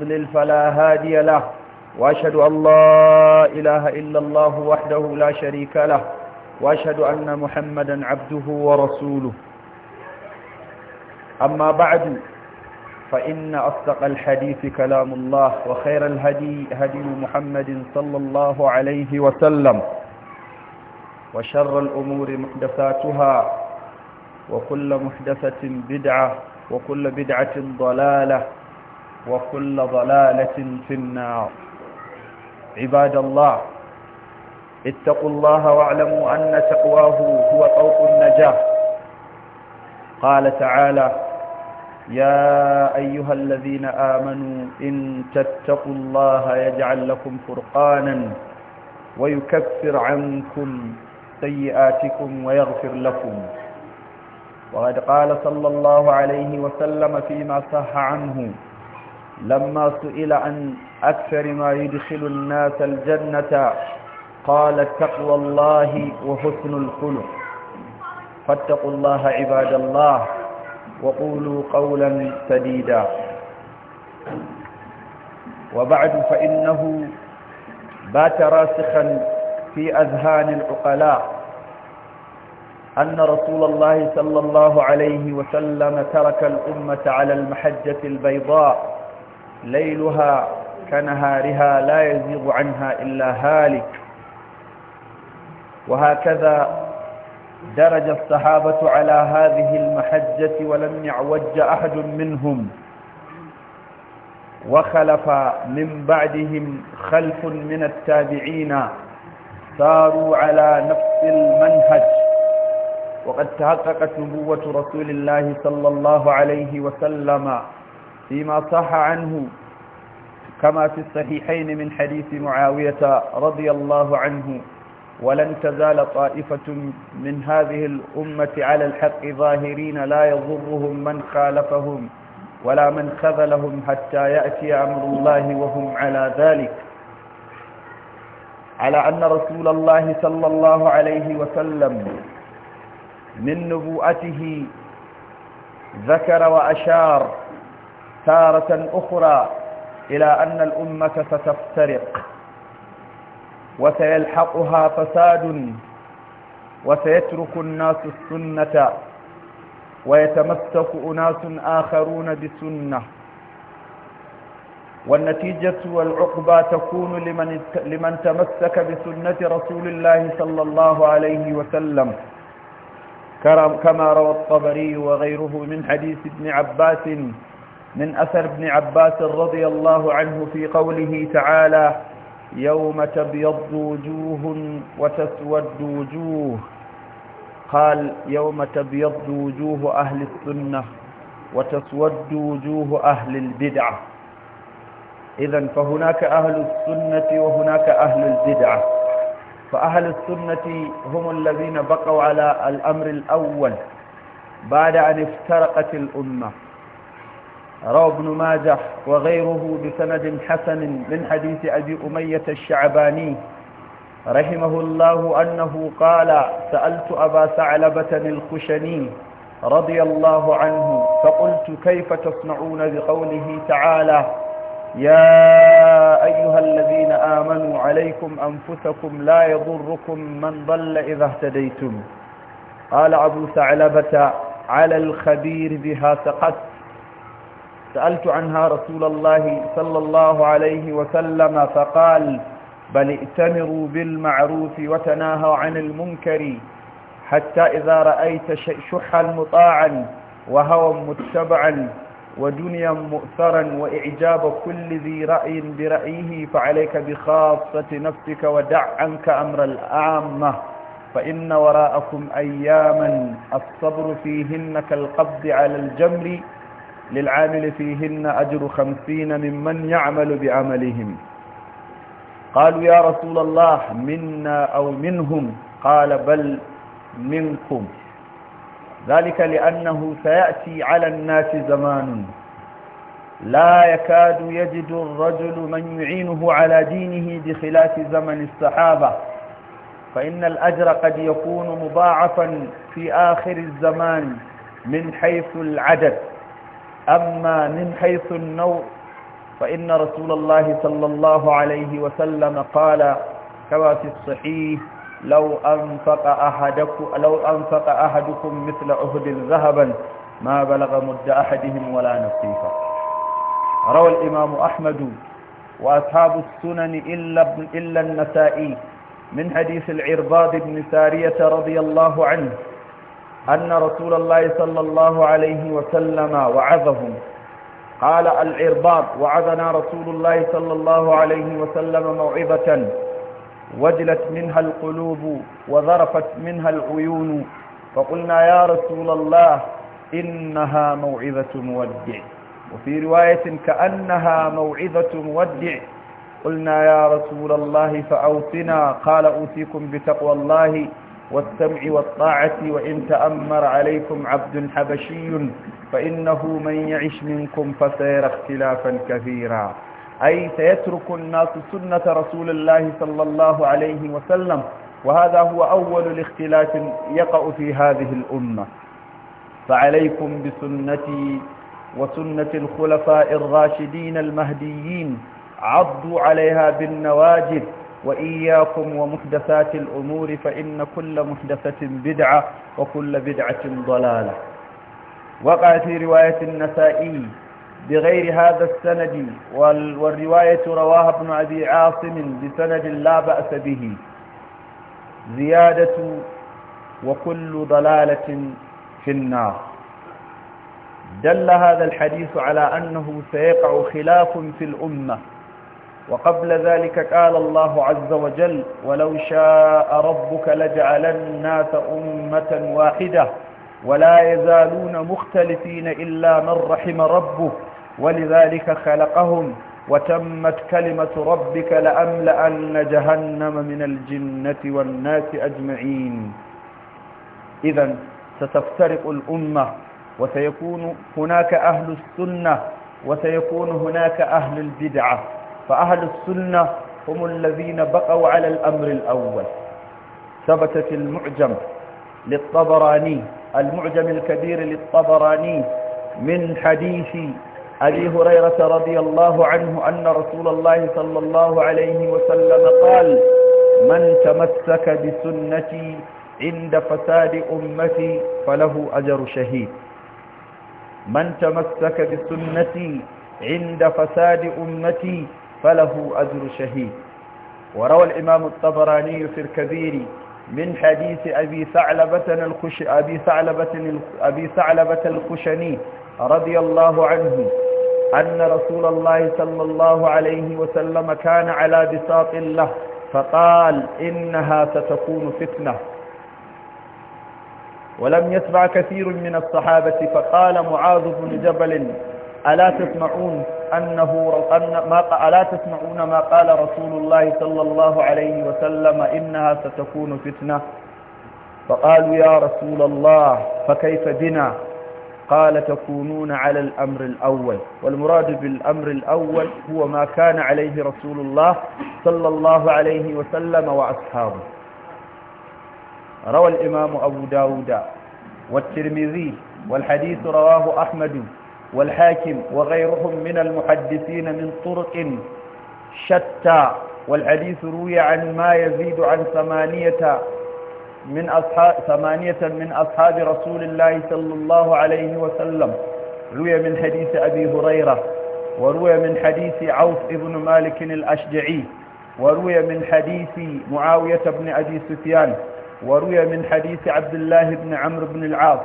يضلل فلا هادي له وأشهد أن لا إله إلا الله وحده لا شريك له وأشهد أن محمدا عبده ورسوله أما بعد فإن أصدق الحديث كلام الله وخير الهدي هدي محمد صلى الله عليه وسلم وشر الأمور محدثاتها وكل محدثة بدعة وكل بدعة ضلالة وكل ضلالة في النار عباد الله اتقوا الله واعلموا أن تقواه هو طوق النجاة قال تعالى يا أيها الذين آمنوا إن تتقوا الله يجعل لكم فرقانا ويكفر عنكم سيئاتكم ويغفر لكم وقد قال صلى الله عليه وسلم فيما صح عنه لما سئل عن أكثر ما يدخل الناس الجنة قال تقوى الله وحسن الخلق فاتقوا الله عباد الله وقولوا قولا سديدا وبعد فإنه بات راسخا في أذهان العقلاء أن رسول الله صلى الله عليه وسلم ترك الأمة على المحجة البيضاء ليلها كنهارها لا يزيغ عنها إلا هالك وهكذا درج الصحابة على هذه المحجة ولم يعوج أحد منهم وخلف من بعدهم خلف من التابعين ساروا على نفس المنهج وقد تحققت نبوة رسول الله صلى الله عليه وسلم فيما صح عنه كما في الصحيحين من حديث معاوية رضي الله عنه ولن تزال طائفة من هذه الأمة على الحق ظاهرين لا يضرهم من خالفهم ولا من خذلهم حتى يأتي أمر الله وهم على ذلك على أن رسول الله صلى الله عليه وسلم من نبوءته ذكر وأشار تارة أخرى إلى أن الأمة ستفترق وسيلحقها فساد وسيترك الناس السنة ويتمسك أناس آخرون بسنة والنتيجة والعقبى تكون لمن, لمن تمسك بسنة رسول الله صلى الله عليه وسلم كما روى الطبري وغيره من حديث ابن عباس من أثر ابن عباس رضي الله عنه في قوله تعالى يوم تبيض وجوه وتسود وجوه قال يوم تبيض وجوه أهل السنة وتسود وجوه أهل البدعة إذا فهناك أهل السنة وهناك أهل البدعة فأهل السنة هم الذين بقوا على الأمر الأول بعد أن افترقت الأمة روى ابن ماجه وغيره بسند حسن من حديث أبي أمية الشعباني رحمه الله أنه قال سألت أبا ثعلبة الخشني رضي الله عنه فقلت كيف تصنعون بقوله تعالى يا أيها الذين آمنوا عليكم أنفسكم لا يضركم من ضل إذا اهتديتم قال أبو ثعلبة على الخبير بها سقطت سألت عنها رسول الله صلى الله عليه وسلم فقال بل ائتمروا بالمعروف وتناهوا عن المنكر حتى إذا رأيت شحا مطاعا وهوى متبعا ودنيا مؤثرا وإعجاب كل ذي رأي برأيه فعليك بخاصة نفسك ودع عنك أمر الأعمة فإن وراءكم أياما الصبر فيهن كالقبض على الجمر للعامل فيهن أجر خمسين ممن يعمل بعملهم قالوا يا رسول الله منا أو منهم قال بل منكم ذلك لأنه سيأتي على الناس زمان لا يكاد يجد الرجل من يعينه على دينه بخلاف زمن الصحابة فإن الأجر قد يكون مضاعفا في آخر الزمان من حيث العدد أما من حيث النوع فإن رسول الله صلى الله عليه وسلم قال كما في الصحيح لو أنفق أحدكم, لو أنفق أحدكم مثل أهد ذهبا ما بلغ مد أحدهم ولا نصيفا روى الإمام أحمد وأصحاب السنن إلا, إلا النسائي من حديث العرباض بن سارية رضي الله عنه أن رسول الله صلى الله عليه وسلم وعظهم قال العرباط وعظنا رسول الله صلى الله عليه وسلم موعظة وجلت منها القلوب وذرفت منها العيون فقلنا يا رسول الله إنها موعظة مودع وفي رواية كأنها موعظة مودع قلنا يا رسول الله فأوصنا قال أوصيكم بتقوى الله والسمع والطاعة وإن تأمر عليكم عبد حبشي فإنه من يعش منكم فسيرى اختلافا كثيرا أي سيترك الناس سنة رسول الله صلى الله عليه وسلم وهذا هو أول الاختلاف يقع في هذه الأمة فعليكم بسنتي وسنة الخلفاء الراشدين المهديين عضوا عليها بالنواجذ وإياكم ومحدثات الأمور فإن كل محدثة بدعة وكل بدعة ضلالة وقع في رواية النسائي بغير هذا السند والرواية رواها ابن أبي عاصم بسند لا بأس به زيادة وكل ضلالة في النار دل هذا الحديث على أنه سيقع خلاف في الأمة وقبل ذلك قال الله عز وجل ولو شاء ربك لجعل الناس أمة واحدة ولا يزالون مختلفين إلا من رحم ربه ولذلك خلقهم وتمت كلمة ربك لأملأن جهنم من الجنة والناس أجمعين إذا ستفترق الأمة وسيكون هناك أهل السنة وسيكون هناك أهل البدعة فأهل السنة هم الذين بقوا على الأمر الأول ثبت في المعجم للطبراني المعجم الكبير للطبراني من حديث أبي هريرة رضي الله عنه أن رسول الله صلى الله عليه وسلم قال من تمسك بسنتي عند فساد أمتي فله أجر شهيد من تمسك بسنتي عند فساد أمتي فله أجر شهيد وروى الإمام الطبراني في الكبير من حديث أبي ثعلبة الخش أبي ثعلبة أبي ثعلبة الخشني رضي الله عنه أن رسول الله صلى الله عليه وسلم كان على بساط له فقال إنها ستكون فتنة ولم يسمع كثير من الصحابة فقال معاذ بن جبل ألا تسمعون أنه أن ما ألا تسمعون ما قال رسول الله صلى الله عليه وسلم إنها ستكون فتنة فقالوا يا رسول الله فكيف بنا قال تكونون على الأمر الأول والمراد بالأمر الأول هو ما كان عليه رسول الله صلى الله عليه وسلم وأصحابه روى الإمام أبو داود والترمذي والحديث رواه أحمد والحاكم وغيرهم من المحدثين من طرق شتى والحديث روي عن ما يزيد عن ثمانية من أصحاب ثمانية من أصحاب رسول الله صلى الله عليه وسلم روي من حديث أبي هريرة وروي من حديث عوف بن مالك الأشجعي وروي من حديث معاوية بن أبي سفيان وروي من حديث عبد الله بن عمرو بن العاص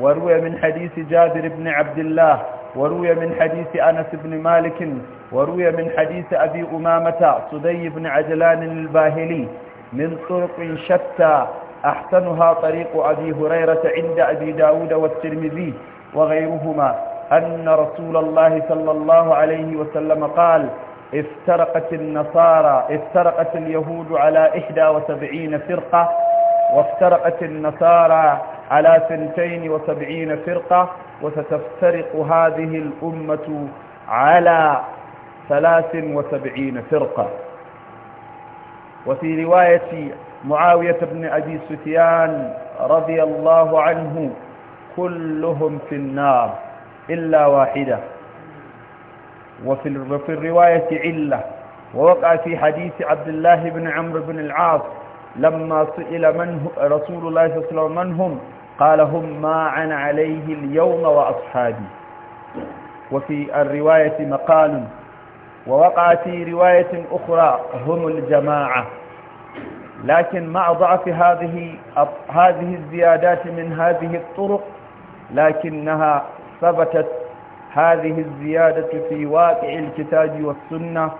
وروي من حديث جابر بن عبد الله وروي من حديث أنس بن مالك وروي من حديث أبي أمامة صدي بن عجلان الباهلي من طرق شتى أحسنها طريق أبي هريرة عند أبي داود والترمذي وغيرهما أن رسول الله صلى الله عليه وسلم قال افترقت النصارى افترقت اليهود على 71 فرقة وافترقت النصارى على سنتين وسبعين فرقة وستفترق هذه الأمة على ثلاث وسبعين فرقة وفي رواية معاوية بن أبي سفيان رضي الله عنه كلهم في النار إلا واحدة وفي الرواية علة ووقع في حديث عبد الله بن عمرو بن العاص لما سئل من رسول الله صلى الله عليه وسلم من هم قال هم ما عن عليه اليوم وأصحابي وفي الرواية مقال ووقع في رواية أخرى هم الجماعة لكن مع ضعف هذه هذه الزيادات من هذه الطرق لكنها ثبتت هذه الزيادة في واقع الكتاب والسنة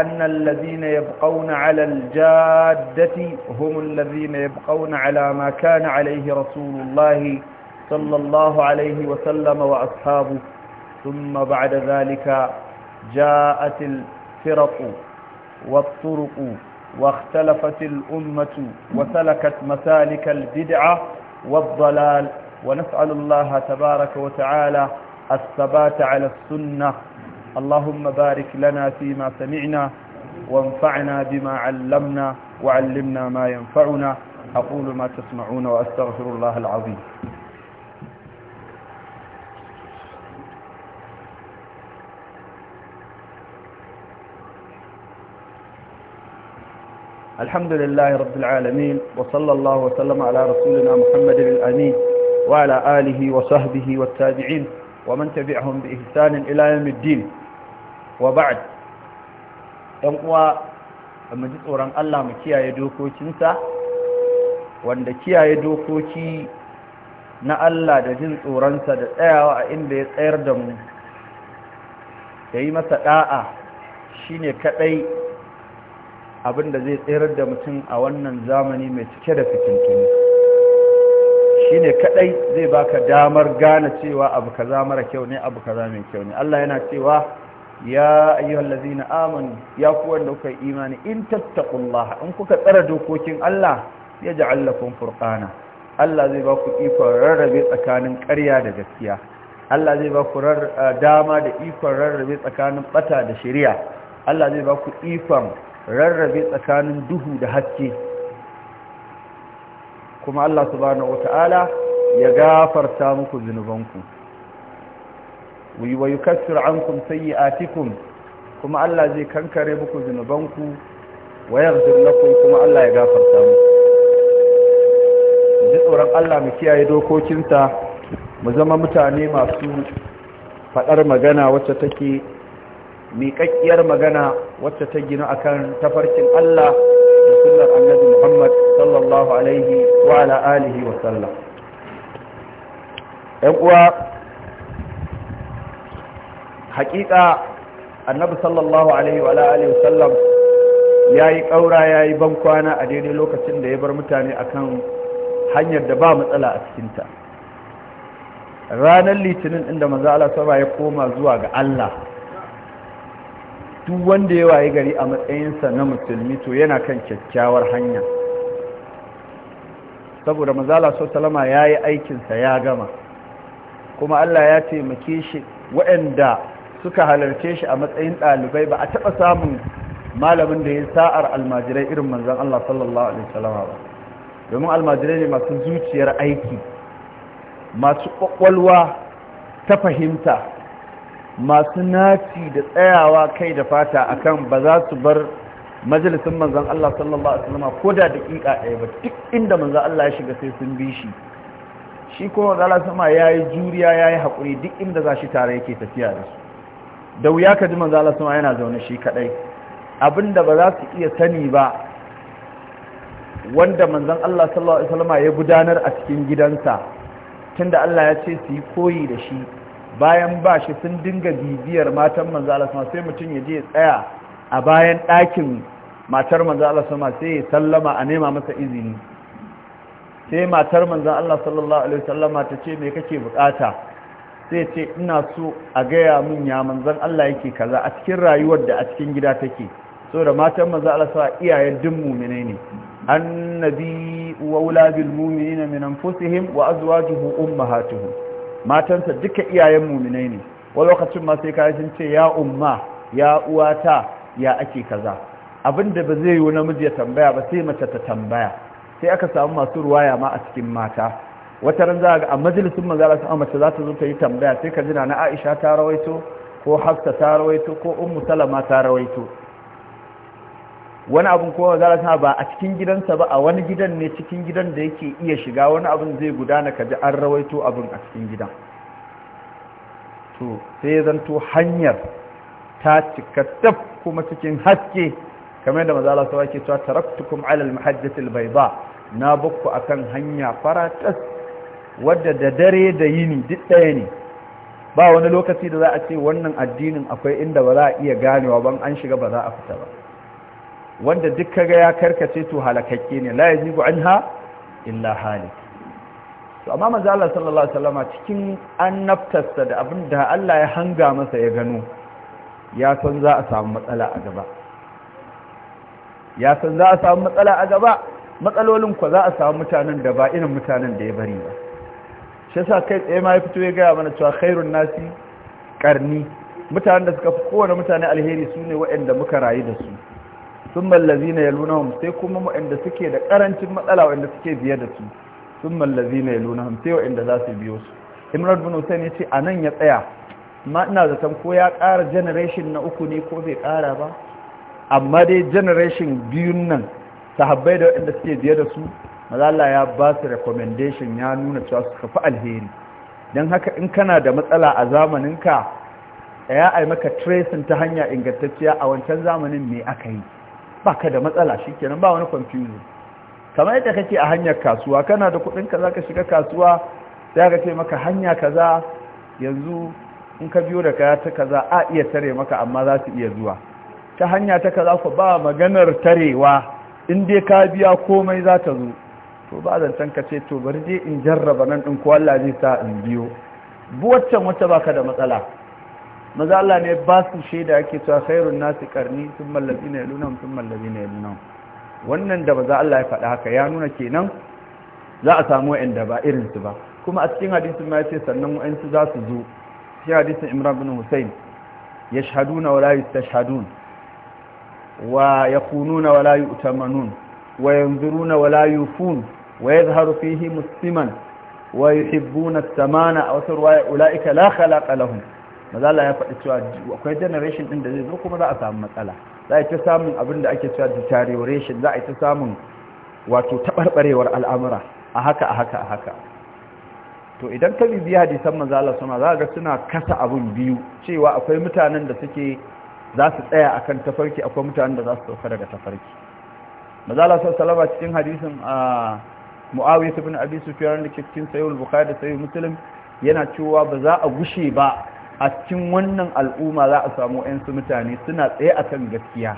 أن الذين يبقون على الجادة هم الذين يبقون على ما كان عليه رسول الله صلى الله عليه وسلم وأصحابه ثم بعد ذلك جاءت الفرق والطرق واختلفت الأمة وسلكت مسالك البدعة والضلال ونسأل الله تبارك وتعالى الثبات على السنة اللهم بارك لنا فيما سمعنا وانفعنا بما علمنا وعلمنا ما ينفعنا أقول ما تسمعون وأستغفر الله العظيم الحمد لله رب العالمين وصلى الله وسلم على رسولنا محمد الأمين وعلى آله وصحبه والتابعين ومن تبعهم بإحسان إلى يوم الدين wa ba'd ɗan uwa mu ji tsoron Allah mu kiyaye dokokinsa wanda kiyaye dokoki na Allah da jin tsoronsa da tsayawa a inda ya tsayar da mu da yi masa da'a shine kadai abin da zai tsayar da mutum a wannan zamani mai cike da fitintuni shine kaɗai zai baka damar gane cewa abu kaza mara kyau ne abu kaza mai kyau ne Allah yana cewa ya ayyuhal ladzina amanu ya ku wanda kuka imani in tattaqullaha in kuka tsara dokokin Allah ya ja'al lakum furqana Allah zai ba ku ikon rarrabe tsakanin ƙarya da gaskiya Allah zai ba ku dama da ikon rarrabe tsakanin bata da shari'a Allah zai ba ku ikon rarrabe tsakanin duhu da haske kuma Allah subhanahu wata'ala ya gafarta muku zunubanku wa yukaffir ankum sayyi'atikum kuma Allah zai kankare muku zunubanku wa yaghfir lakum kuma Allah ya gafarta muku Duk tsoron Allah mu kiyaye dokokinsa mu zama mutane masu fadar magana wacce take miƙaƙƙiyar magana wacce ta gina akan tafarkin Allah da sunnar Annabi Muhammad sallallahu alaihi wa ala alihi wa sallam ƴan uwa hakika annabi sallallahu alaihi wa alihi wasallam yayi kaura yayi bankwana a daidai lokacin da ya bar mutane akan hanyar da ba matsala a cikin ta ranar litinin inda manzo Allah saba ya koma zuwa ga Allah duk wanda ya waye gari a matsayinsa na musulmi to yana kan kyakkyawar hanya saboda manzo Allah salama ya yi aikinsa ya gama kuma Allah ya taimake shi waɗanda suka halarce shi a matsayin ɗalibai ba a taɓa samun malamin da ya sa'ar almajirai irin manzan Allah sallallahu alaihi wasallama ba domin almajirai ne masu zuciyar aiki masu ƙwaƙwalwa ta fahimta masu naci da tsayawa kai da fata akan ba za su bar majalisun manzan Allah sallallahu alaihi wasallama ko da daƙiƙa ɗaya ba duk inda manzan Allah ya shiga sai sun bi shi shi kuma manzan Allah sama yayi juriya yi haƙuri duk inda za shi tare yake tafiya da su da wuya ka ji manzala Allah yana zaune shi kadai abinda ba za su iya sani ba wanda manzan Allah sallallahu alaihi wasallama ya gudanar a cikin gidansa tunda Allah ya ce su yi koyi da shi bayan ba shi sun dinga bibiyar matan manzala Allah sai mutum ya je ya tsaya a bayan ɗakin matar manzala Allah sai ya sallama a nema masa izini sai matar manzan Allah sallallahu alaihi wasallama ta ce me kake bukata sai ce ina so a gaya mun ya manzan Allah yake kaza a cikin rayuwar da a cikin gida take so da matan manzan Allah sa iyayen duk muminai ne annabi wa wuladul mu'minina min anfusihim wa azwajuhu ummahatuhum matansa duka iyayen muminai ne wani lokacin ma sai kai sun ce ya umma ya uwata ya ake kaza abinda ba zai yi namiji ya tambaya ba sai mace ta tambaya sai aka samu masu ruwaya ma a cikin mata wata ran za ga a majalisun manzala sun amince za ta zo ta yi tambaya sai ka jina na aisha ta rawaito ko hafsa ta rawaito ko ummu salama ta rawaito wani abin kowa zara ta ba a cikin gidansa ba a wani gidan ne cikin gidan da yake iya shiga wani abun zai gudana ka ji an rawaito abun a cikin gidan to sai ya zanto hanyar ta cika taf kuma cikin haske kamar da mazala sawa ke cewa taraktukum alal mahajjatil albayda na bakku akan hanya faratas wadda da dare da yini duk ɗaya ne ba wani lokaci da za a ce wannan addinin akwai inda ba za a iya ganewa ban an shiga ba za a fita ba wanda duk kaga ya karkace to halakakke ne la yajibu anha illa halik to amma manzo Allah sallallahu alaihi wasallama cikin annabtarsa da abinda Allah ya hanga masa ya gano ya san za a samu matsala a gaba ya san za a samu matsala a gaba matsalolin ko za a samu mutanen da ba irin mutanen da ya bari ba shi yasa kai tsaye ma ya fito ya gaya mana cewa khairun nasi karni mutanen da suka fi kowane mutane alheri su ne waɗanda muka rayu da su sun mallazi na yalunahum sai kuma waɗanda suke da ƙarancin matsala waɗanda suke biye da su sun mallazi na yalunahum sai waɗanda za su biyo su imran bin hussein ya ce a nan ya tsaya Ma ina zaton ko ya ƙara generation na uku ne ko bai ƙara ba amma dai generation biyun nan sahabbai da waɗanda suke biye da su mazala ya ba su recommendation ya nuna cewa su kafa alheri don haka in kana da matsala a zamaninka ya ai maka tracing ta hanya ingantacciya a wancan zamanin me aka yi ba ka da matsala shi kenan ba wani confusion kamar yadda kake a hanyar kasuwa kana da kudinka za ka shiga kasuwa sai ka ce maka hanya kaza yanzu in ka biyo da kaya ta kaza a iya tare maka amma za su iya zuwa ta hanya ta kaza ku ba maganar tarewa in dai ka biya komai za ta zo to ba zancen ka ce to bari je in jarraba nan ɗin ko Allah zai sa in biyo bu waccan wata baka da matsala maza Allah ne ba su shaida yake cewa khairun nasi karni sun mallabi na yalunan sun mallabi na yalunan wannan da maza Allah ya faɗa haka ya nuna kenan za a samu wa'anda ba irinsu ba kuma a cikin hadisin ma ya ce sannan wa'ansu za su zo cikin hadisin imran bin hussein yashhaduna wala shahadun wa yakununa wala yu'tamanun wa yanzuruna wala fun. ويظهر فيه مسلما ويحبون الثمانه او ثروه a wasu خلق لهم la khalaqa lahum maza Allah ya faɗi cewa akwai generation din da zai zo kuma za a samu matsala za a ta samun abin da ake cewa deterioration za a ta samun wato taɓarɓarewar al'amura a haka a haka a haka to idan ka bibi hadisan manzo Allah suna za ga suna kasa abun biyu cewa akwai mutanen da suke za su tsaya akan tafarki akwai mutanen da za su sauka daga tafarki manzo Allah sallallahu cikin hadisin muawiya ibn abi sufyan da cikin sahih al-bukhari da muslim yana cewa ba za a gushe ba a cikin wannan al'umma za a samu ƴan su mutane suna tsaye akan gaskiya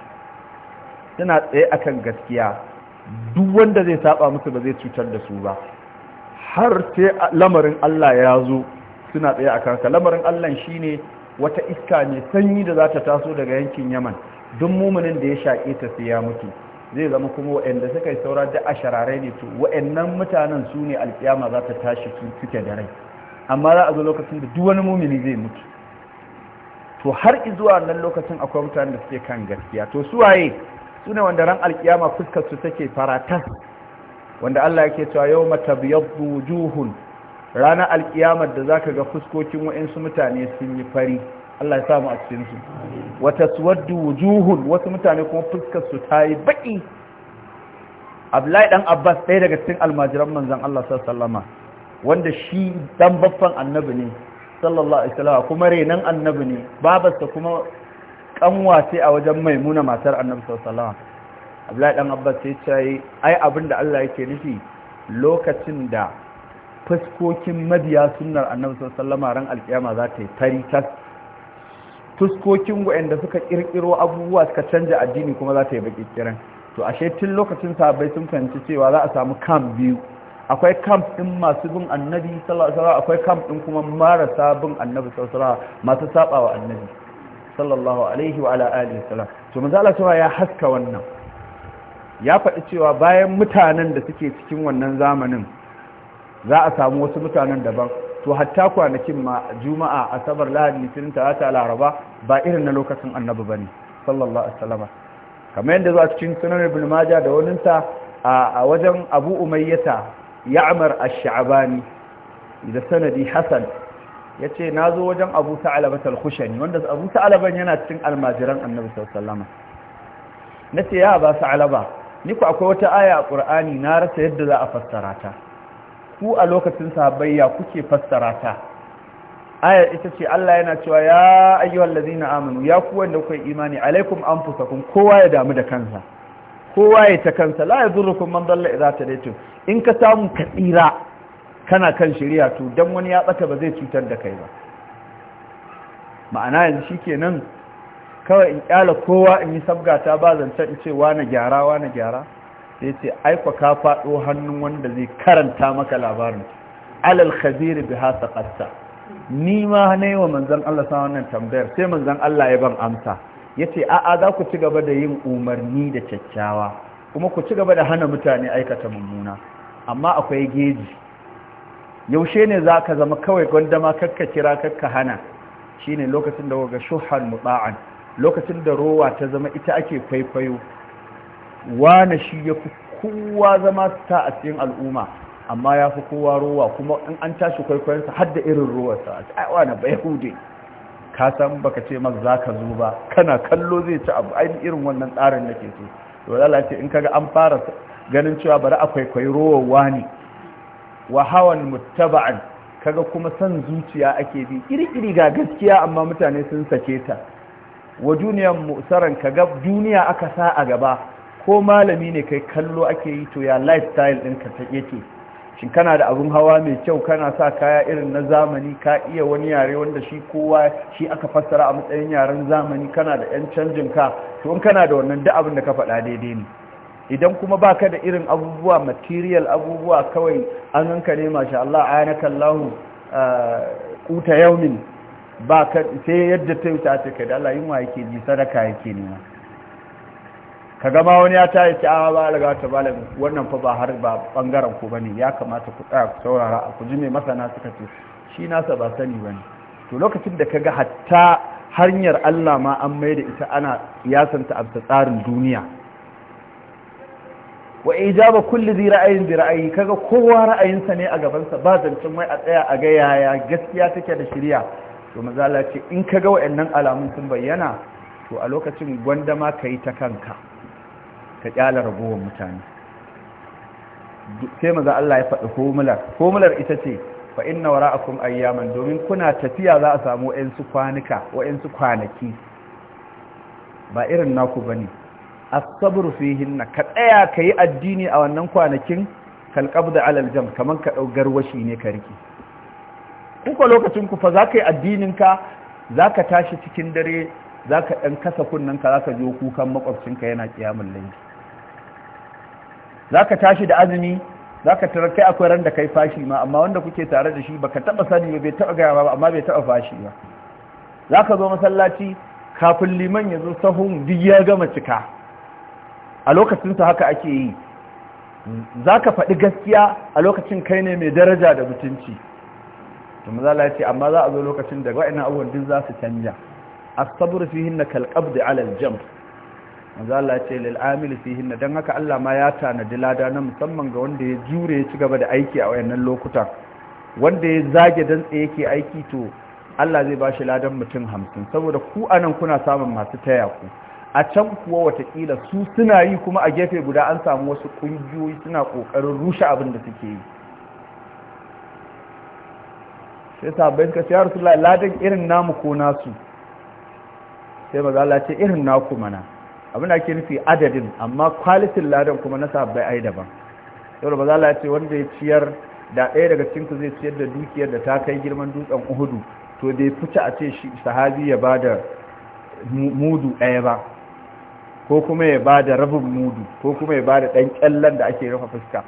suna tsaye akan gaskiya duk wanda zai saba musu ba zai cutar da su ba har sai lamarin Allah ya zo suna tsaye akan ka lamarin Allah shine wata iska mai sanyi da za ta taso daga yankin Yaman duk muminin da ya shaƙe ta sai ya mutu zai zama kuma waɗanda suka yi saura da a ne to waɗannan mutanen su ne alƙiyama za ta tashi su suke da rai amma za a zo lokacin da duk wani mumini zai mutu to har zuwa nan lokacin akwai mutanen da suke kan gaskiya to su waye su ne wanda ran alƙiyama fuskar su take farata wanda Allah yake cewa yau matabyaddu wujuhun ranar alƙiyamar da zaka ga fuskokin waɗansu mutane sun yi fari Allah ya samu a cikin su wa wujuhun wasu mutane kuma fuskar su yi baƙi. Abdullahi dan Abbas ɗaya daga cikin almajiran manzon Allah sallallahu wanda shi dan baffan annabi ne sallallahu alaihi wasallam kuma renan annabi ne babarsa kuma kanwa sai a wajen maimuna matar annabi sallallahu alaihi wasallam Abdullahi dan Abbas ya yi ai abinda Allah yake nufi lokacin da fuskokin mabiya sunnar annabi sallallahu alaihi wasallam ran alkiyama za ta yi ta. tuskokin waɗanda suka ƙirƙiro abubuwa suka canja addini kuma za ta yi baki kiran to ashe tun lokacin sahabbai sun fahimci cewa za a samu camp biyu akwai camp ɗin masu bin annabi sallallahu alaihi wasallam akwai camp ɗin kuma marasa bin annabi sallallahu alaihi wasallam masu sabawa annabi sallallahu alaihi wa ala alihi wasallam to manzo Allah cewa ya haska wannan ya faɗi cewa bayan mutanen da suke cikin wannan zamanin za a samu wasu mutanen daban to hatta kwanakin ma juma'a asabar lahadi litinin talata laraba ba irin na lokacin annabi bane sallallahu alaihi wasallam kamar yadda zuwa cikin sunan ibn maja da waninsa a wajen abu umayyata ya'mar ash-sha'bani da sanadi hasan yace nazo wajen abu sa'alaba al-khushani wanda abu sa'alaban yana cikin almajiran annabi sallallahu alaihi wasallam nace ya ba sa'alaba ni ku akwai wata aya a qur'ani na rasa yadda za a fassara ta ku a lokacin sahabbaiya kuke fassara ta ayar ita ce Allah yana cewa ya ayyuhal ladina amanu ya ku wanda kuka imani alaikum anfusakum kowa ya damu da kansa kowa ya ta kansa la yadhurukum man dalla idza tadaytum in ka samu kadira kana kan shari'a to dan wani ya tsaka ba zai cutar da kai ba ma'ana yanzu shikenan kawai in kyala kowa in yi sabgata ba zance in ce wa na gyara wa na gyara sai ce aifa ka faɗo hannun wanda zai karanta maka labarin alal bi biha taqatta ni ma ne wa manzon Allah sa wannan tambayar sai manzon Allah ya ban amsa yace a a za ku ci gaba da yin umarni da kyakkyawa kuma ku ci gaba da hana mutane aikata mummuna amma akwai geji yaushe ne za ka zama kawai gwandama kakka kira kakka hana shine lokacin da ga shuhan muta'an lokacin da rowa ta zama ita ake kwaikwayo wane shi ya fi kowa zama ta a cikin al'umma amma ya fi kowa rowa. kuma in an tashi kwaikwayonsa har da irin ruwarsa a wane bai hude ka san baka ce masa za ka zo ba kana kallo zai ci abu ainihin irin wannan tsarin da ke so to lalace in kaga an fara ganin cewa bari akwai kwaikwayi ruwa wani wa hawan muttaba'an kaga kuma san zuciya ake bi iri-iri ga gaskiya amma mutane sun sake ta wa duniyan musaran kaga duniya aka sa a gaba ko malami ne kai kallo ake yi to ya lifestyle ɗinka ta yake shin kana da abun hawa mai kyau kana sa kaya irin na zamani ka iya wani yare wanda shi kowa shi aka fassara a matsayin yaren zamani kana da 'yan canjin ka to in kana da wannan duk abin da ka faɗa daidai ne idan kuma baka da irin abubuwa material abubuwa kawai an ganka ne masha Allah ayanaka Allahu kuta ah, yaumin baka sai yadda ta wuce ta kai da Allah yin wa yake ji sadaka yake nema ka gama wani ya ta yi ce a ba riga ta malam wannan fa ba har ba bangaren ku bane ya kamata ku tsaya ku saurara a ku ji mai masana suka ce shi nasa ba sani ba ne. to lokacin da ka ga hatta hanyar Allah ma an mai da ita ana yasanta a tsarin duniya wa ijaba kulli zi ra'ayin zi ra'ayi kaga kowa ra'ayinsa ne a gabansa, ba zancen mai a tsaya a ga yaya gaskiya take da shirya, to maza in ce in kaga wayannan alamun sun bayyana to a lokacin gwanda ma yi ta kanka ka kyala ragowar mutane sai maza Allah ya faɗi homular Komular ita ce fa inna kun ayyaman domin kuna tafiya za a samu wayansu kwanuka wayansu kwanaki ba irin naku bane as-sabru fihinna ka tsaya yi addini a wannan kwanakin kalƙab da alaljam, kamar ka ɗaugar washi ne ka riki kuka lokacin ku fa ka yi addininka, za ka tashi cikin dare za ka ɗan kasa za ka zaka je kukan maƙwabcinka, yana ƙiyamun laifi. za ka tashi da azumi za ka tarar kai akwai ran da kai fashi ma amma wanda kuke tare da shi ba ka taɓa sani bai taɓa gaya ba amma bai taba fashi ba za ka zo masallaci kafin liman ya zo sahun duk ya gama cika a lokacinsa haka ake yi za ka faɗi gaskiya a lokacin kai ne mai daraja da mutunci to maza la ce amma za a zo lokacin da wa'ina abubuwan duk za su canja as-sabr fihinna kal qabd 'ala al manzo Allah ya ce lil amil fihinna dan haka Allah ma ya tanadi lada na musamman ga wanda ya jure ya ci gaba da aiki a wayannan lokutan wanda ya zage dan tsaye yake aiki to Allah zai ba shi ladan mutum hamsin saboda ku anan kuna samun masu taya ku a can kuwa watakila su suna yi kuma a gefe guda an samu wasu ƙungiyoyi suna kokarin rushe abin da suke yi sai sabbin ka siyar ladan irin namu ko nasu sai maza Allah ce irin naku mana abin da ake nufi adadin amma kwalitin ladan kuma na bai ai daban yau da ba za ce wanda ya ciyar da ɗaya daga cikin zai ciyar da dukiyar da ta kai girman dutsen uhudu to dai fita a ce sahabi ya ba da mudu ɗaya ba ko kuma ya ba da rabin mudu ko kuma ya ba da ɗan ƙyallen da ake rufe fuska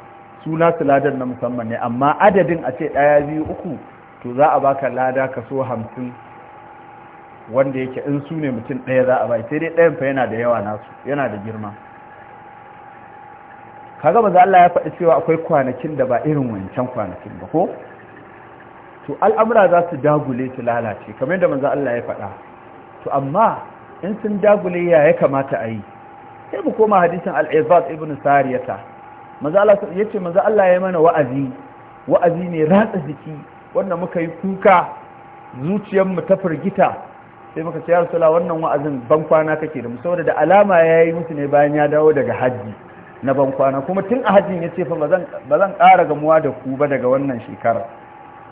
suna su ladan na musamman ne amma adadin a ce ɗaya biyu uku to za a baka lada kaso hamsin wanda yake in su ne mutum ɗaya za a bai sai dai ɗayan fa yana da yawa nasu yana da girma kaga maza Allah ya faɗi cewa akwai kwanakin da ba irin wancan kwanakin ba ko to al'amura za su dagule su lalace kamar yadda maza Allah ya faɗa to amma in sun dagule ya ya kamata a yi sai mu koma hadisin al ibn Sariyata ya ce maza Allah ya mana wa'azi wa'azi ne ratsa jiki wanda muka yi kuka zuciyarmu ta firgita sai muka ce ya wannan wa'azin ban kwana kake da mu saboda da alama ya yi musu ne bayan ya dawo daga hajji na ban kwana kuma tun a hajjin ya ce fa ba zan ƙara gamuwa da ku ba daga wannan shekara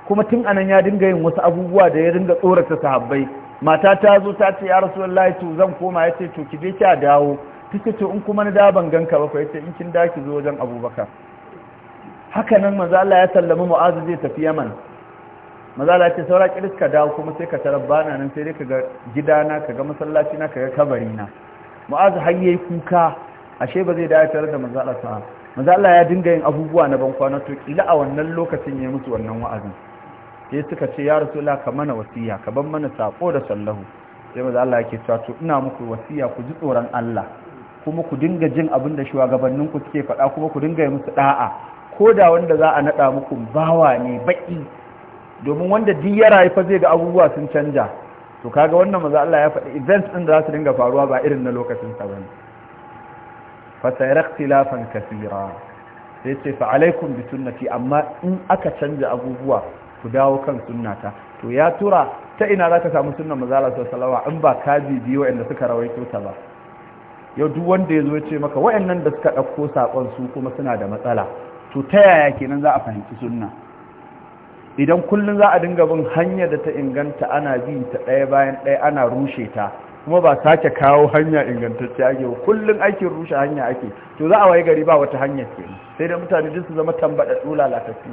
kuma tun anan ya dinga yin wasu abubuwa da ya dinga tsorata sahabbai mata ta zo ta ce ya rasulullahi to zan koma ya ce to ki je a dawo ta ce in kuma na da ban ganka ba fa ce in kin da ki zo wajen abubakar haka nan manzo Allah ya sallami mu'azu zai tafi yaman mazala ce saura kiris ka dawo kuma sai ka tarar bana nan sai dai ka ga gidana ka ga masallaci na ka ga kabari na mu'azu har yayi kuka ashe ba zai dawo tare da manzo Allah sa ya dinga yin abubuwa na ban kwana to kila a wannan lokacin ya mutu wannan wa'azin sai suka ce ya rasulullah ka mana wasiya ka ban mana sako da sallahu sai manzo Allah yake cewa to ina muku wasiya ku ji tsoron Allah kuma ku dinga jin abin da ku suke faɗa kuma ku dinga yi musu da'a ko da wanda za a naɗa muku bawa ne baƙi domin wanda duk ya rayu fa zai ga abubuwa sun canja to kaga wannan maza Allah ya faɗi events din da za su dinga faruwa ba irin na lokacin sa bane fa sayraktilafan kaseera sai ce fa alaikum bi sunnati amma in aka canja abubuwa ku dawo kan sunnata to ya tura ta ina za ka samu sunnan maza Allah sallallahu alaihi in ba kaji biyu inda suka rawaito ta ba yau duk wanda ya zo ya ce maka wayannan da suka ɗauko saƙon su kuma suna da matsala to ta yaya kenan za a fahimci sunna idan kullum za a dinga bin hanya da ta inganta ana bi ta ɗaya bayan ɗaya ana rushe ta kuma ba sake kawo hanya ingantacce ake kullum aikin rushe hanya ake to za a waye gari ba wata hanya ke sai da mutane duk su zama tambada tsula lafafi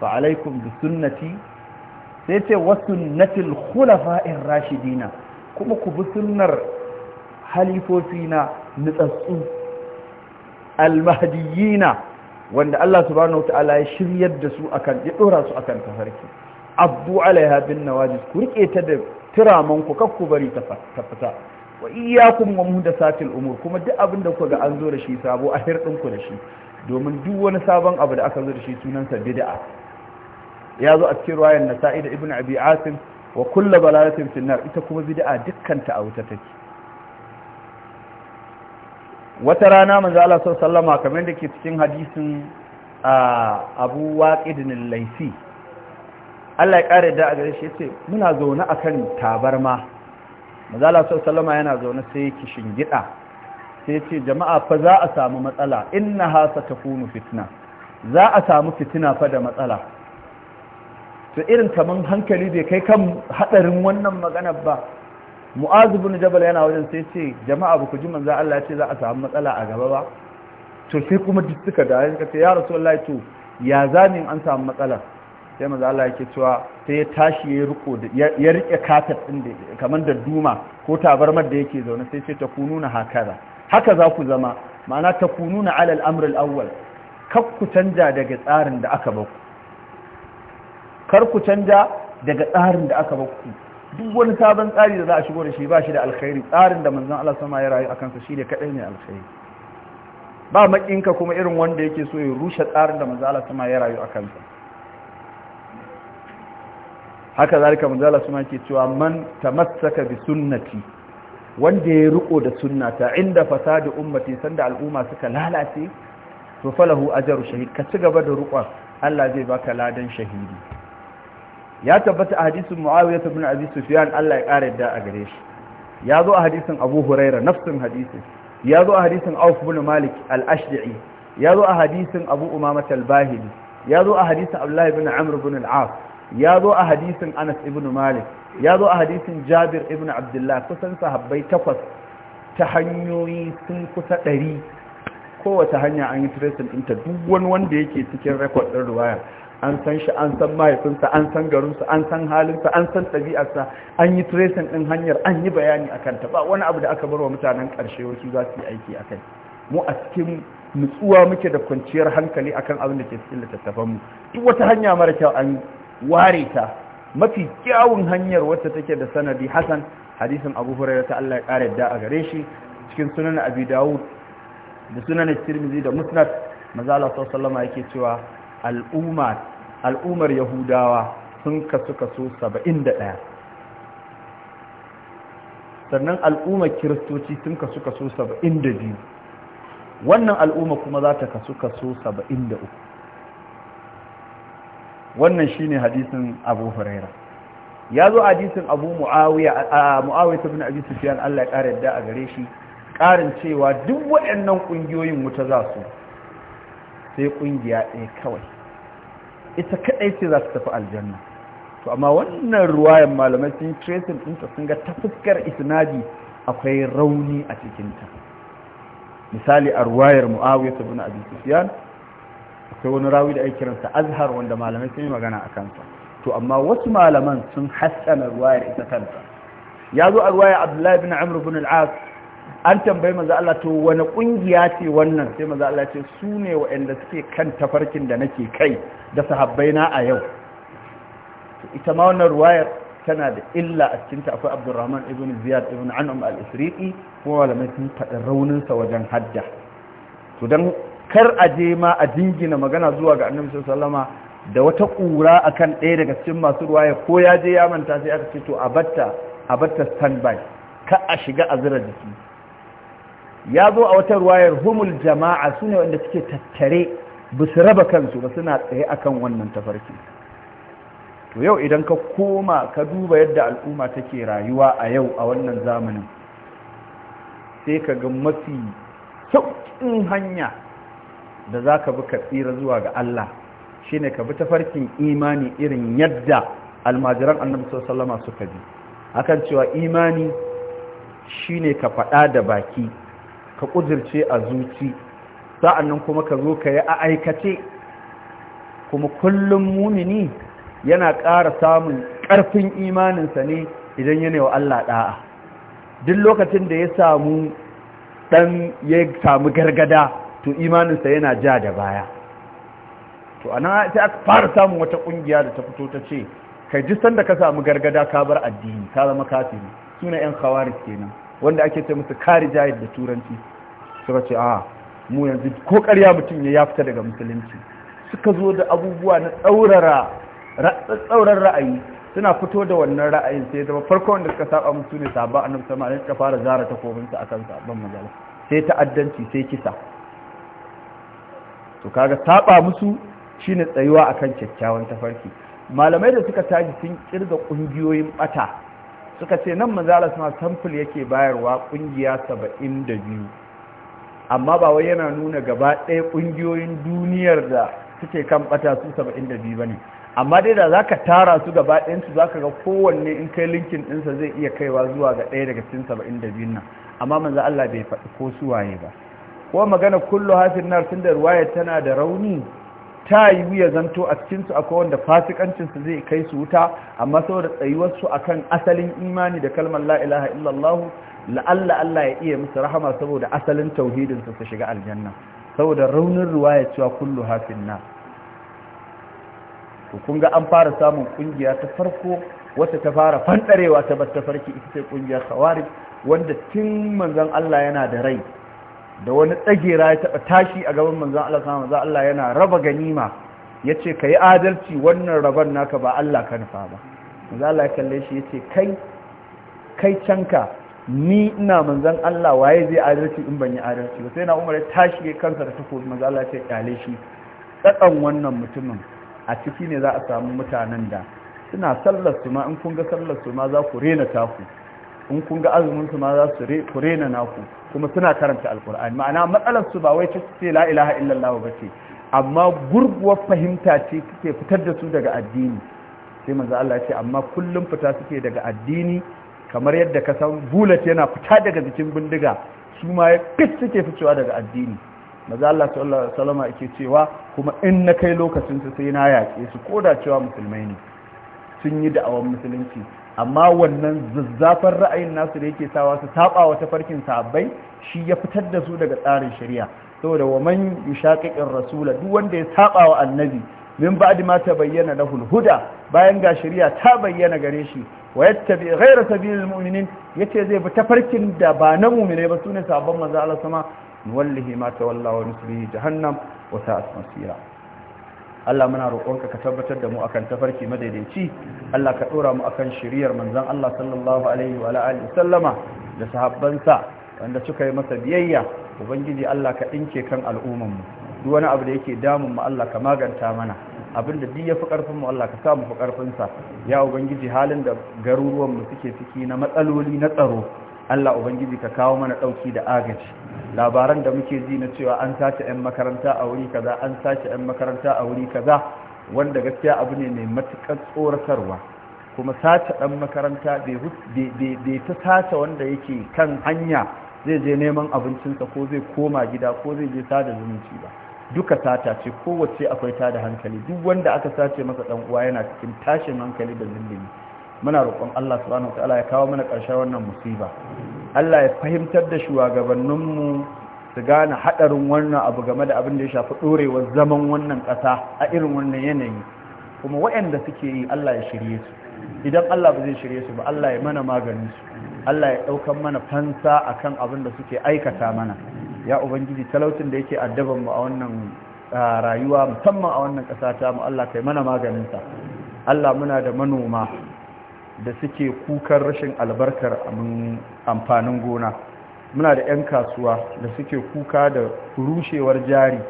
fa alaikum bi sunnati sai ce wa sunnatil khulafa'ir rashidina kuma ku bi sunnar halifofina nutsatsu al-mahdiyina wanda Allah subhanahu ta'ala ya shiryar da su akan ya dora su akan tafarki abdu alaiha bin nawajis ku rike ta da tiraman ku kakku bari ta fita wa iyyakum wa muhdathatil umur kuma duk abin da kuka ga an zo da shi sabo a hirdin ku da shi domin duk wani sabon abu da aka zo da shi sa bid'a ya zo a cikin wayan nasa'i da ibn abi asim wa kullu balalatin finnar ita kuma bid'a dukkan ta a wuta take wata rana manzo Allah sallama kamar da ke cikin hadisin Abu Waqid bin Laisi Allah ya kare da a gare shi yace muna zaune akan tabarma manzo Allah sallama yana zaune sai ki shingida sai yace jama'a fa za a samu matsala innaha satakunu fitna za a samu fitina fa da matsala to irin kaman hankali bai kai kan hadarin wannan maganar ba mu'azu bin jabal yana wajen sai ce jama'a ba ku ji manzo Allah ya ce za a samu matsala a gaba ba to sai kuma duk suka da suka ce ya rasulullahi to ya zani an samu matsala sai manzo Allah yake cewa sai ya tashi ya riko ya rike kafet din da kamar da duma ko tabarmar da yake zaune sai ce ta kununa hakaza haka za ku zama ma'ana ta kununa alal amr al awwal kar ku canja daga tsarin da aka kar ku canja daga tsarin da aka baku duk wani sabon tsari da za a shigo da shi ba shi da alkhairi tsarin da manzon Allah sama ya rayu akan sa shi ne kadai ne alkhairi ba ka kuma irin wanda yake so ya rushe tsarin da manzon Allah sama ya rayu akan sa haka zalika manzon Allah sama yake cewa man tamassaka bi sunnati wanda ya riko da sunnata inda fasadi ummati sanda al'umma suka lalace to falahu ajru shahid ka ci gaba da riƙon Allah zai baka ladan shahidi ya tabbata a hadisin muawiya bin abi sufyan Allah ya ƙara da a gare shi ya zo a hadisin abu huraira nafsin hadisin ya zo a hadisin auf bin malik al-ashdi ya zo a hadisin abu umama al-bahili ya zo a hadisin abdullahi bin amr bin al-as ya zo a hadisin anas ibn malik ya zo a hadisin jabir ibn abdullah kusan sahabbai takwas ta hanyoyi sun kusa ɗari kowace hanya an yi tracing ɗinta duk wani wanda yake cikin rekod ɗin ruwayar an san shi an san mahaifinsa an san garinsa an san halinsa an san ɗabi'arsa an yi tracing ɗin hanyar an yi bayani a kanta ba wani abu da aka bar wa mutanen ƙarshe wasu za su yi aiki a kai mu a cikin nutsuwa muke da kwanciyar hankali a kan abin da ke cikin mu duk wata hanya mara kyau an ware ta mafi kyawun hanyar wacce take da sanadi hasan hadisin abu hurairu ta allah ya ƙara yadda a gare shi cikin sunan abi dawud da sunan tirmidhi da musnad manzo Allah sallallahu alaihi wasallam yake cewa al'umma al'ummar yahudawa sun kasu kaso saba'in da ɗaya sannan al'ummar kiristoci sun kasu kaso saba'in da biyu wannan al'umma kuma za ta kasu kaso saba'in da uku wannan ne hadisin abu huraira ya zo hadisun abu mu'awai ta bina abisu fiye allah ya ƙara yadda a gare shi ƙarin cewa duk waɗannan ƙungiyoyin wuta za su sai ƙungiya ɗaya kawai ita kadai ce za ta tafi aljanna to amma wannan ruwayan malamai sun tracing ɗinta sun ga ta fuskar isnadi akwai rauni a cikinta misali a ruwayar mu'awiyar bin abin sufiyan akwai wani rawi da ake kiransa azhar wanda malamai sun yi magana a kansa to amma wasu malaman sun hassana ruwayar ita kanta ya zo a ruwayar abdullahi bin amr bin al-as an tambayi maza Allah to wani kungiya ce wannan sai maza Allah ce su ne waɗanda suke kan tafarkin da nake kai da sahabbaina a yau ita ma wannan ruwayar tana da illa a cikinta akwai Abdurrahman ibn Ziyad ibn Anum al isrii kuma malamai sun faɗi raunin sa wajen hajja. to dan kar a je ma a jingina magana zuwa ga Annabi sallallahu da wata kura akan ɗaya daga cikin masu ruwaya ko ya je ya manta sai aka ce to a batta a batta standby ka a shiga a zira jiki ya zo a wata ruwayar humul jama'a su ne wanda suke tattare ba su raba kansu ba suna tsaye akan wannan tafarki to yau idan ka koma ka duba yadda al'umma take rayuwa a yau a wannan zamanin sai ka ga mafi sauƙin hanya da za ka bi ka tsira zuwa ga Allah shi ne ka bi tafarkin imani irin yadda almajiran annabi sallama suka bi akan cewa imani shi ne ka faɗa da baki ka ƙudurce a zuci nan kuma ka zo ka yi a aikace kuma kullum mumini yana ƙara samun ƙarfin imaninsa ne idan yana wa Allah ɗa'a duk lokacin da ya samu ɗan ya samu gargada to imaninsa yana ja da baya to a nan sai aka fara samun wata ƙungiya da ta fito ta ce ka ji sanda ka samu gargada ka bar addini ka zama kafin suna 'yan khawarij kenan wanda ake ce musu kari jayar da turanci suka ce a mu yanzu ko karya mutum ya fita daga musulunci suka zo da abubuwa na tsaurara tsaurar ra'ayi suna fito da wannan ra'ayin sai zama farko wanda suka saba musu ne saba a sama ne suka fara zara a kan sabon mazala sai ta'addanci sai kisa to kaga saba musu shine tsayuwa akan kyakkyawan tafarki malamai da suka tashi sun kirga ƙungiyoyin bata suka ce nan maza sama sample yake bayarwa ƙungiya saba'in da biyu. amma ba wai yana nuna gaba ɗaya ƙungiyoyin duniyar da suke kan ɓata su 72 ba ne amma dai da za ka tara su gaba ɗayansu za ka ga kowanne in kai linkin ɗinsa zai iya kaiwa zuwa ga ɗaya daga cikin 72 nan amma manzo Allah bai faɗi ko su waye ba ko magana kullu hafin nar tunda ruwaya tana da rauni ta yi wuya zanto a cikinsu akwai wanda fasikancinsu zai kai su wuta amma saboda tsayuwarsu a kan asalin imani da kalmar la'ilaha illallahu, la'alla Allah ya iya musu rahama saboda asalin tauhidinsu su shiga aljanna saboda raunin ruwa ya cewa kullu hafin na kun ga an fara samun kungiya ta farko wata ta fara fantarewa ta batta farki ita ce kungiyar wanda tun manzon Allah yana da rai da wani tsagera ya taɓa tashi a gaban manzan Allah sama manzan Allah yana raba ganima ya ce ka yi adalci wannan raban naka ba Allah ka nufa ba manzan Allah ya kalle shi ya ce kai kai canka ni ina manzan Allah waye zai adalci in ban yi adalci ba sai na umar ya tashi ya kansa da takobi manzan Allah ya ce kyale shi tsakan wannan mutumin a ciki ne za a samu mutanen da suna sallar su in kun ga sallar su za ku rena taku in kun ga azumin su ma za su rena naku kuma suna karanta alkur'ani ma'ana matsalar su ba wai ta ce la illallah ba ce amma gurguwar fahimta ce kike fitar da su daga addini sai manzo Allah ce amma kullum fita suke daga addini kamar yadda ka san bulat yana fita daga jikin bindiga su ma ya suke fitowa daga addini maza Allah sallallahu alaihi wasallam yake cewa kuma in na kai lokacin su sai na yaƙe su koda cewa musulmai ne sun yi da'awar musulunci amma wannan zazzafar ra'ayin nasu da yake sawa su saba wa tafarkin sahabbai shi ya fitar da su daga tsarin shari'a saboda wa man yushaqiqir rasula duk wanda ya saba wa annabi min ba'di ma tabayyana lahu huda bayan ga shari'a ta bayyana gare shi wa yattabi ghayra sabilil mu'minin yace zai bi tafarkin da ba na mu'mine ba sune sahabban manzo Allah sama wallahi ma tawalla wa nuslihi jahannam wa sa'at masira Allah muna roƙonka ka tabbatar da mu akan tafarki madaidaici Allah ka dora mu akan shiriyar manzon Allah sallallahu alaihi wa alihi sallama da sahabbansa wanda suka yi masa biyayya ubangiji Allah ka dinke kan al'umman mu duk wani abu da yake damun mu Allah ka maganta mana abinda duk ya fi karfin mu Allah ka sa mu fi karfin sa ya ubangiji halin da garuruwan mu suke ciki na matsaloli na tsaro Allah Ubangiji ka kawo mana ɗauki da agaji labaran da muke ji na cewa an sace 'yan makaranta a wuri kaza an sace 'yan makaranta a wuri kaza wanda gaskiya abu ne mai matuƙar tsoratarwa kuma sace ɗan makaranta bai ta sace wanda yake kan hanya zai je neman abincinsa ko zai koma gida ko zai je sada zumunci ba duka sata ce kowace akwai tada hankali duk wanda aka sace masa ɗan uwa yana cikin tashin hankali da zillimi muna roƙon Allah subhanahu wataala ya kawo mana ƙarshen wannan musiba Allah ya fahimtar da shugabanninmu su gane haɗarin wannan abu game da abin da ya shafi ɗorewar zaman wannan ƙasa a irin wannan yanayi kuma waɗanda suke yi Allah ya shirye su idan Allah ba zai shirye su ba Allah ya mana maganin su Allah ya ɗaukan mana fansa akan abin da suke aikata mana ya ubangiji talautin da yake addaban mu a wannan rayuwa musamman a wannan ƙasa ta mu Allah kai mana maganinsa Allah muna da manoma da suke kukan rashin albarkar amfanin gona muna da 'yan kasuwa da suke kuka da rushewar jari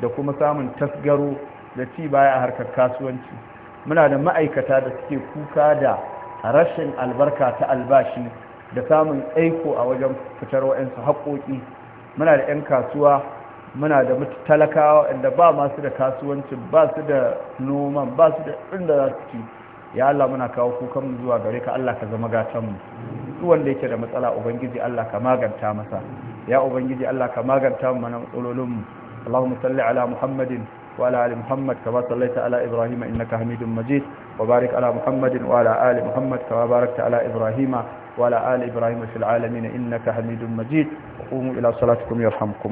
da kuma samun tasgaro da ci baya a harkar kasuwanci muna da ma'aikata da suke kuka da rashin albarka ta albashi da samun aiko a wajen fitar wa'yansu haƙoƙi muna da 'yan kasuwa muna da talakawa inda ba masu da kasuwancin ba su da noman ba su da inda za su ci ya Allah muna kawo kukan mu zuwa gare ka Allah ka zama gatan mu duk wanda yake da matsala ubangiji Allah ka maganta masa ya ubangiji Allah ka maganta mana matsalolin mu Allahumma salli ala Muhammadin wa ala ali Muhammad kama sallaita ala Ibrahim innaka Hamidum Majid wa barik ala Muhammadin wa ali Muhammad kama barakta ala Ibrahim wa ala ali Ibrahim fil alamin innaka Hamidum Majid ila